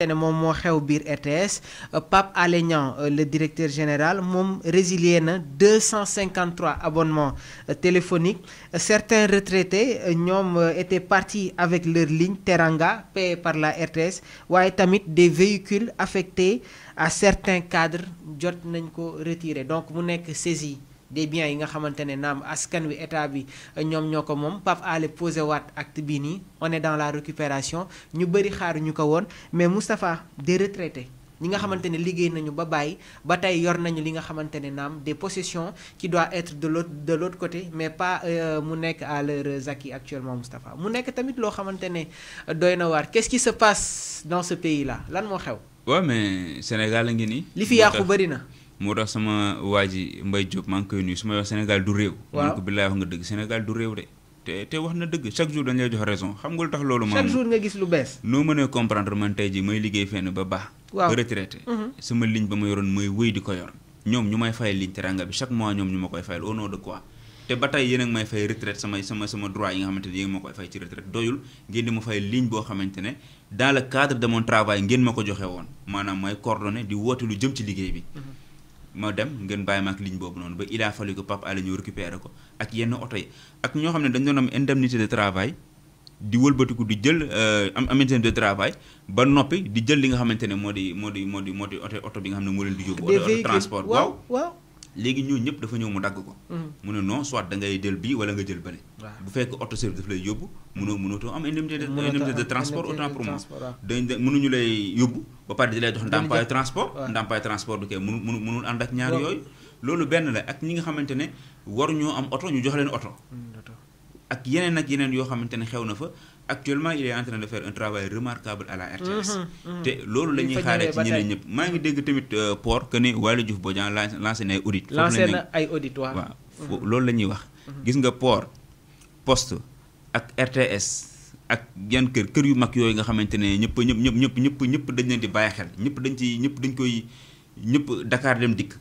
RTS euh, Pape Allignan, euh, le directeur général mom résilié 253 abonnements euh, téléphoniques certains retraités étaient partis avec leur ligne Teranga payée par la RTS été tamit des véhicules affectés à certains cadres jot nañ ko retiré donc mu que saisi des biens yi nga xamantene nam askan wi état bi ñom ñoko mom moom Pape Alé posé waat acte bi ni on est dans la récupération ñu bëri xaaru ñuko won mais mustapha des retraités ñi nga xamantene ne liggéey nañu ba bay ba tay yor nañu li nga xamantene nam des possessions qui doit être de l'autre de l'autre côté mais pas euh, mu nek à leur acquis actuellement mustapha mu nek tamit lo xamantene doyna war qu'est-ce qui se passe dans ce pays là lan mo xew. waaw mais Sénégal la ngi nii. li fi yàqu bari na. moo tax sama waa ji Mbaye Diop maa ngi koy nuyu su ma wax Sénégal du réew. waaw man ko billaay wax du réew de. te te wax na dëgg chaque jour dañ lay jox raison xam nga lu tax loolu. moom chaque jour nga gis lu bees. noo mënee comprendre man tey jii may liggéey fenn ba baax. ba retraité. Mhm. sama ligne ba ma yoroon mooy wéy di ko yor. ñoom ñu may fay ligne teranga bi chaque mois ñoom ñu ma koy fay au te ba tey yéen a ngi may fay retraite samay sama sama yi nga xamante ne yéen ma koy fay ci retraite doyul ngeen di ma fay ligne boo xamante ne dans le cadre de mon travail ngeen ma ko joxe woon maanaam may coordonné di woote lu jëm ci liggéey bi mhm. ma dem ngeen bàyyi ma ak ligne boobu noonu ba il a fallu que Pape Alé ñëw récupérer ko ak yenn oto yi ak ñoo xam ne dañ doon am indemnité de travail di wëlbatiku di jël euh, am indemnité de travail ba noppi di jël li nga xamante ne moo di moo di moo di moo di oto bi nga xam ne moo leen di yóbbu. transport waaw. léegi ñoo ñëpp dafa ñëw mu dagg ko mm-hmm. mu ne non soit da ngay jël bii wala nga jël bële bu fekk auto service daf lay yóbbu mënoo mënootoo am indemnité de indemnité de transport autant pour moi dañ mënuñu lay yóbbu ba pare di lay jox ndàmpaayu transport ndàmpaayu transport du kay mënu mënu mënul ànd ak ñaar yooyu loolu benn la ak ñi nga xamante ne war ñoo am oto ñu jox leen oto mm, ak yeneen ak yeneen yoo xamante ne xew na fa actuellement il est en train de faire un travail remarquable à la RTS. Mm-hmm, mm-hmm. te loolu la ñuy xaaree ci ñeneen ñëpp. maa ngi dégg tamit euh, port que ni Waly Diouf Bodian lancé na ay audit. lancé na ay audit waaw mm-hmm. loolu la ñuy wax. gis nga port post ak RTS. ak yan kër kër yu mag yooyu nga xamante ne ñëpp ñëpp ñëpp ñëpp ñëpp ñëpp dañ leen di bàyyi xel ñëpp dañ ci ñëpp dañ koy ñëpp dakaar dem dikk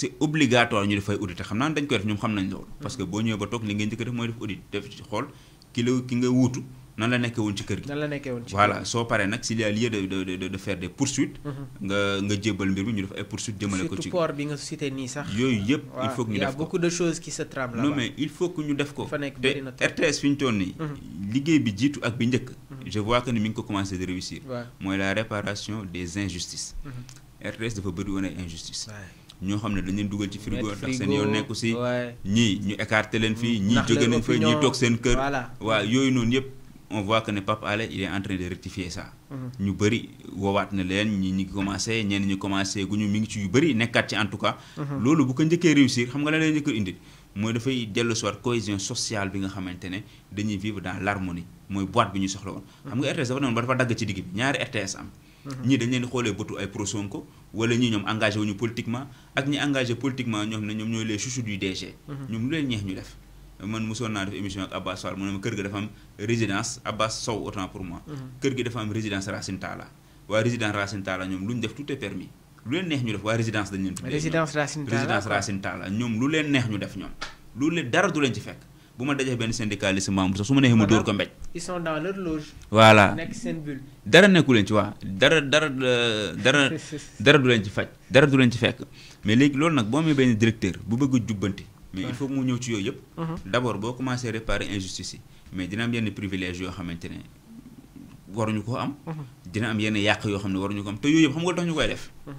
c'est obligatoire ñu def ay audit te xam naa dañ koy def ñoom xam nañ loolu. parce que boo ñëwee ba toog li ngeen njëkk def mooy def audit def ci xool ki la ki nga wutu nan la nekkee woon ci kër gi. nan la nekkee woon ci voilà soo paree nag s'il y a lieu de de de de faire des poursuites. Mhm. nga nga jébbal mbir mi ñu def ay poursuites jëmale ko ci. surtout port bi nga cité nii sax. yooyu yëpp il faut que ñu def ko waaw y a beaucoup de choses qui se trament là-bas. non mais il faut que ñu def ko. fa te RTS fi ñu toll nii. Mhm. liggéey bi jiitu ak bi njëkk. Mhm. je vois que ni mi ngi ko commencé de réussir. waaw mooy la réparation des injustices. RTS dafa bëri woon ay injustices ñoo xam ne dañ leen dugal ci frigo ndax seen yoon nekku si ñii ñu écarté leen fii ñii jogé nañ fa ñii toog seen cœur waaw yooyu noonu yëpp on voit que ne Pape Alé il est en train de rectifier ça mhm. ñu bëri woowaat na l'en ñi ñi commencé ñenn ñu commencé gu ñu mi ngi ci yu bëri nekkaat en tout cas mhm. loolu bu ko njëkkee réussir xam nga la leen njëkk indi mooy dafay dellu soit cohésion sociale bi nga xamante ne dañuy vivre dans l'harmonie harmonie mooy boîte bi ñu soxla woon mhm. xam nga RTS dafa noonu ba dafa dagg ci digg ñaari RTS am ñii dañ leen di xoolee bëtu ay pro Sonko ñii ñoom engagé wuñu politiquement ak ñi engagé politiquement ñoom ne ñoom ñooy les chouchous du DG. Mhm. ñoom lu leen ñeex ñu def. man mosoon naa def émission ak Abbas Fall mu ne ma kër gi dafa am résidence Abbas Sow autant pour moi. Mhm. kër gi dafa am résidence Racine Talla waa résidence Racine Talla ñoom lu ñu def tout permis lu leen neex ñu def waa résidence dañ résidence Racine Talla ñoom lu leen bu ma dajee benn syndicaliste membre sax su mu neexee ko mbéj. ils sont dans leur loge. voilà nekk sen bulle. dara nekku len ci wa dara dara dara dara du len ci faj dara du len ci fekk mais légui lool nak bo amee ben directeur bu bëgg a mais il faut mu ñëw ci yoy yëpp. Uh-huh. d'abord bo commencer réparer injustice mais dina am yenn privilège yo xamante ne waruñu ko am. Uh-huh. dina am yenn yàq yo xam ne waruñu ko am te yooyu yëpp xam nga tax ñu koy def. Uh-huh.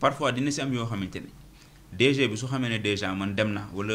parfois dina ci am yo xamante DG bi su xamee ne dèjà man dem na wala.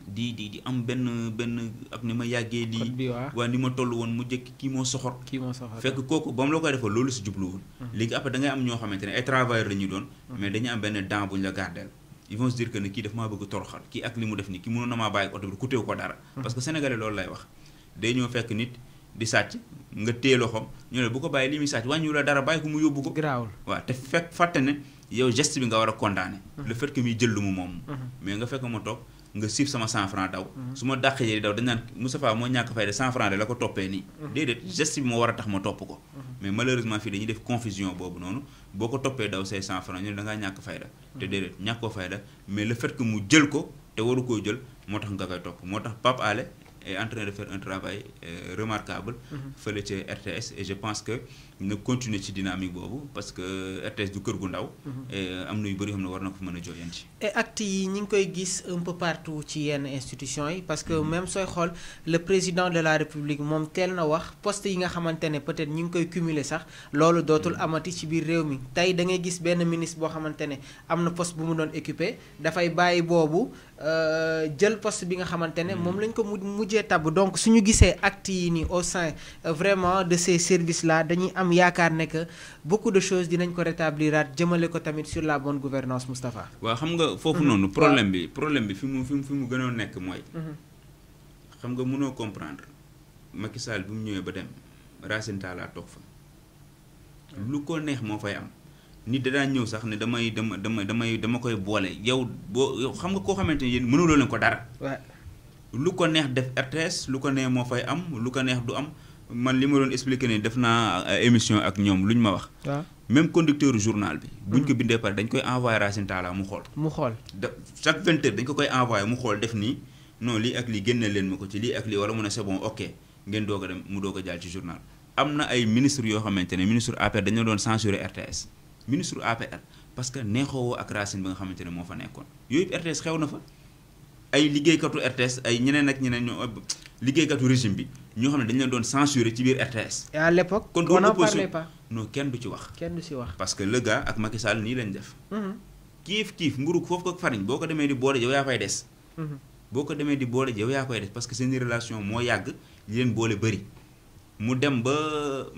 di di di am benn benn ak ni ma yàggee lii waa ni ma toll woon mu jëkk kii moo soxor fekk kooku ba mu la koy defal loolu si jubluwul hmm. léegi après da ngay am ñoo xamante ne ay travailleurs la doon hmm. mais dañu am benn dent bu la gardeel ils se dire que ne kii daf maa bëgg toroxal kii ak li mu def ni kii mënoon na maa bàyyi oto bi ku ko dara hmm. parce que sénégalais loolu lay wax day ñëw fekk nit di sàcc nga téye loxoom ñu ne bu ko bàyyi li muy sàcc wàññiwu la dara bàyyi ko mu yóbbu ko bi nga war a condamné le fait que muy jël lu nga sif sama 100 francs daw mhm. suma daw dañ 100 francs la ko topé mhm. mhm. mais malheureusement dañuy def confusion Si boko topé daw 100 francs ñu ne da ñak fay mais le fait que mu jël ko té waru ko jël nga est en train de faire un travail euh, remarquable RTS et je pense que ne continuer ci dynamique bobu parce que RTS du kër gu mhm. euh, am nuy yu bëri yoo xam ne war na ko et actes yi ñi ngi koy gis un peu partout ci yenn institution. yi parce que mhm. même soy xol le président de la république mom tel na wax poste yi nga xamantene peut-être ñu ngi koy cumuler sax loolu dootul mhm. amati ci biir réew mi tey da ngay gis benn ministre boo xamantene am na poste bu mu doon occupé dafay bàyyi boobu euh, jël poste bi nga xamantene ne moom lañ ko mujjee tabb donc suñu gisee actes yi ni au sein euh, vraiment de ces services là dañuy am am yaakaar ne que beaucoup de choses dinañ ko rétabliraat jëmale ko tamit sur la bonne gouvernance Moustapha. waaw xam nga foofu noonu. Mhm. problème bi problème bi fi mu fi mu gënoon nekk mooy. Mhm. xam nga mënoo comprendre Macky Sall bi mu ñëwee ba dem Racine Talla toog fa. lu ko neex moo fay am. nit da daan ñëw sax ne damay dama dama damay dama koy boole yow boo xam nga koo xamante ne yéen mënuloo leen ko dara. lu ko neex def RTS lu ko neex moo fay am lu ko neex du am man li ma doon expliqué ne def naa euh, émission ak ñoom lu ñu ma wax. Ah. même conducteur journal bi. buñ mm. ko bindee pare dañ koy envoyé Racine Talla mu xool. mu xool chaque vingt heures dañ ko koy envoyé mu xool def nii non lii ak lii génne leen ma ko ci lii ak lii wala mu ne c'est bon ok ngeen doog a dem mu doog a jàll ci journal. am na ay ministre yoo xamante ne ministre APR dañu doon censurer RTS ministre APR parce que neexoowoo ak Racine ba nga xamante ne moo fa nekkoon yooyu RTS xew na fa. ay liggéeykatu RTS ay ñeneen ak ñeneen ñoo liggéeykatu régime bi ñoo xam ne dañu leen doon censurer ci biir RTS. kon on n'en parlait pas kenn du ci wax. kenn du ci wax parce que le ak Macky nii lañ def. Mm-hmm. kiif kiif nguru foofu ko fariñ boo ko demee di boole yow yaa fay des. Mm-hmm. boo ko demee di boole yow yaa koy des parce que seen relation moo yàgg li leen boole bëri mu dem ba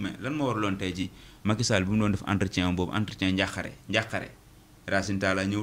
mais lan moo waraloon tey ji Macky Sall bu mu doon def entretien boobu entretien njàqare njàqare Racine Talla ñëw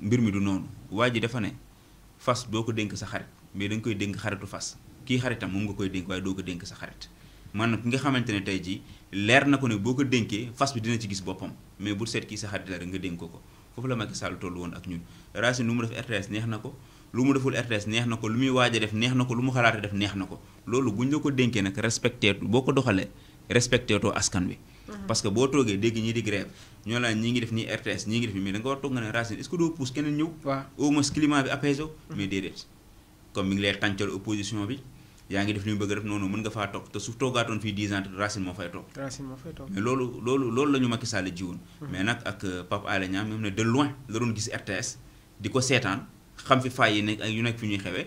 mbir mi du noonu waa ji dafa ne fas boo ko dénk sa xarit mais da koy dénk xaritu fas kii xaritam moom nga koy dénk waaye doo ko dénk sa xarit maanaam ki nga xamante ne tey jii leer na ko ne boo ko dénkee fas bi dina ci gis boppam mais bu seet kii sa xarit la rek nga dénk ko ko foofu la Macky Sall toll woon ak ñun Racine lu mu def RTS neex na ko lu mu deful RTS neex na ko lu muy waaj a def neex na ko lu mu xalaate def neex na ko loolu bu ñu la ko dénkee nag respecté boo ko doxalee respecté too askan wi Mhm. parce que boo toogee dégg ñii di grève ñoo laan ñii ngi def nii RTS ñii ngi def nii mais da nga war toog nga ne Racine est-ce doo pousse keneen ñëw au climat bi apaisé mhm. mais déedéet comme mi ngi lay xàncal opposition bi yaa ngi def li mu bëgg def noonu mën nga faa toog te su toogaatoon fii 10 ans Racine moo fay toog mais loolu loolu loolu la ñu Macky Sall jiwoon mhm. mais nag ak euh, Pape Alé Niang moom ne de loin la doon gis RTS di ko seetaan xam fi faay yi nekk ak yu nekk fi ñuy xewee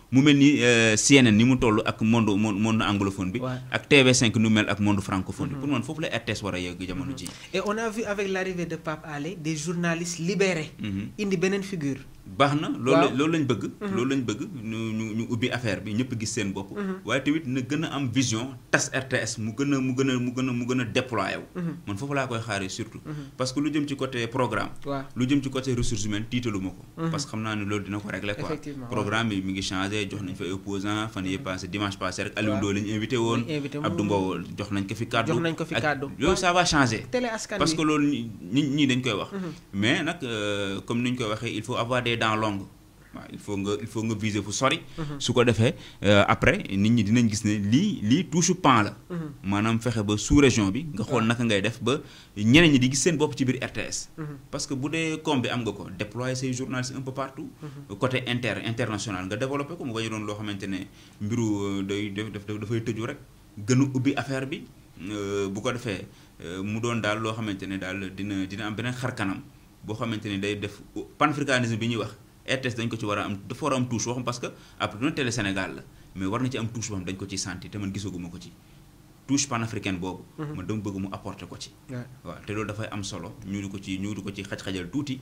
mu mel ni euh, CNN ni mu toll ak monde monde anglophone bi. ak TV5 nu mel ak monde francophone mm-hmm. pour man foofu la RTS wara a yegg jamono ji. Mm-hmm. et on a vu avec l'arrivée de Pape Alé des journalistes libérés. Mm-hmm. indi benen figure. baax lolou loolu loolu lañ bëgg. loolu lañ bëgg ñu ñu ñu ubbi affaire bi ñëpp gis seen bopp. waye tamit na gën am vision tas RTS mu gën mu gën mu gën mu gën a déployé wu. man foofu laa koy xaaré surtout. parce que lu jëm ci côté programme. lu jëm ci côté ressources humaines tiitalu ko. parce que xamna ni ne dina ko régler quoi. programme mi ngi changer joxnañ fa opposant fan yii mm-hmm. passé dimanche passé rek Alou Ndoye invité woon Abdou Mbow joxnañ ko fi kàddu joxnañ ko fi kàddu ça va changer parce que loolu ñi ñii dañ koy wax mm-hmm. mais nak euh, comme niñ koy waxé il faut avoir des dents longues waaw il faut nga il faut nga viser fu sori. Mhm. su ko defee euh, après nit ñi dinañ gis né li li touche pan la. Mhm. manam fexé ba sous région bi. nga xol naka ngay def ba ñeneñ ñi di gis seen bop ci biir RTS. Mhm. parce que boudé dee bi am nga ko déployer say journalistes un peu partout. côté inter international nga développer ko mu bañ lo loo mbiru ne euh, def da fay tëju rek gën a ubbi affaire bi euh, bu ko defé mu doon dal lo xamante dal dina dina am benen xar kanam boo xamante day def panafricanisme bi ñuy wax. RTS dañ ko ci war a am dafa war a am touche waxam parce que après duna télé Sénégal la mais war na ci am touche boo dañ ko ciy santi te man gisaguma ko ci touche panafricaine boobu mhm. man dama bëgg mu apporter ko ci waaw te loolu dafay am solo ñu ko ci ñu ko ci xaj-xajal tuuti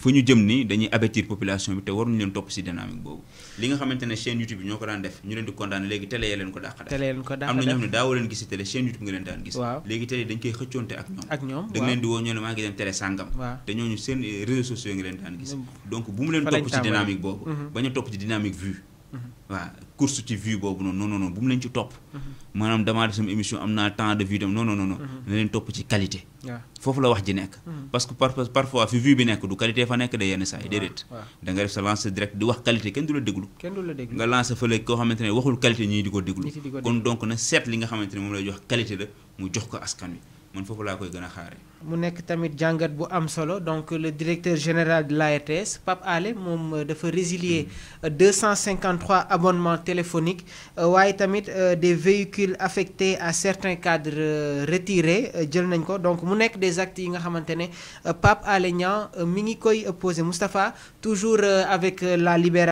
fu ñu jëm ni dañuy avertir population bi te waruñu leen topp si dynamique boobu li nga xamante ne chaîne YouTube bi ñoo ko daan def ñu leen di condamné léegi télé ya leen ko dàq def am na ñoo ne daawoo leen gis si télé chaîne YouTube nga leen daan gis léegi télé dañ koy xëccoonte ak ñoom da leen di woo ñoo ne maa ngi dem télé sàngam te ñooñu seen réseaux sociaux nga leen daan gis mm. donc bu mu leen topp si dynamique boobu mm-hmm. bañ a topp ci dynamique Mm-hmm. waaw course ci vue boobu noonu non non non bu mu leen ci topp. Mm-hmm. maanaam damaa def sama émission am naa temps de vue dem non non mm-hmm. na leen topp ci qualité. foofu la wax ji nekk. parce que par parfois fi vue bi nekk du qualité fa nekk de yenn saa yi déedéet. da def sa lancer direct di wax qualité kenn du la déglu. nga lancer fële koo xamante ne waxul qualité ñii di ko déglu. kon donc na seet li nga xamante ne moom lay jox qualité la mu jox ko askan wi. man tamit donc le directeur général de l'ARTS Pape Alé moom euh, dafa résilier 253 mm-hmm. euh, abonnements téléphoniques euh, waaye tamit des véhicules affectés à certains cadres retirés jël nañ ko donc mu des actes yi nga Pape Alé koy opposé Mustafa, toujours avec la libération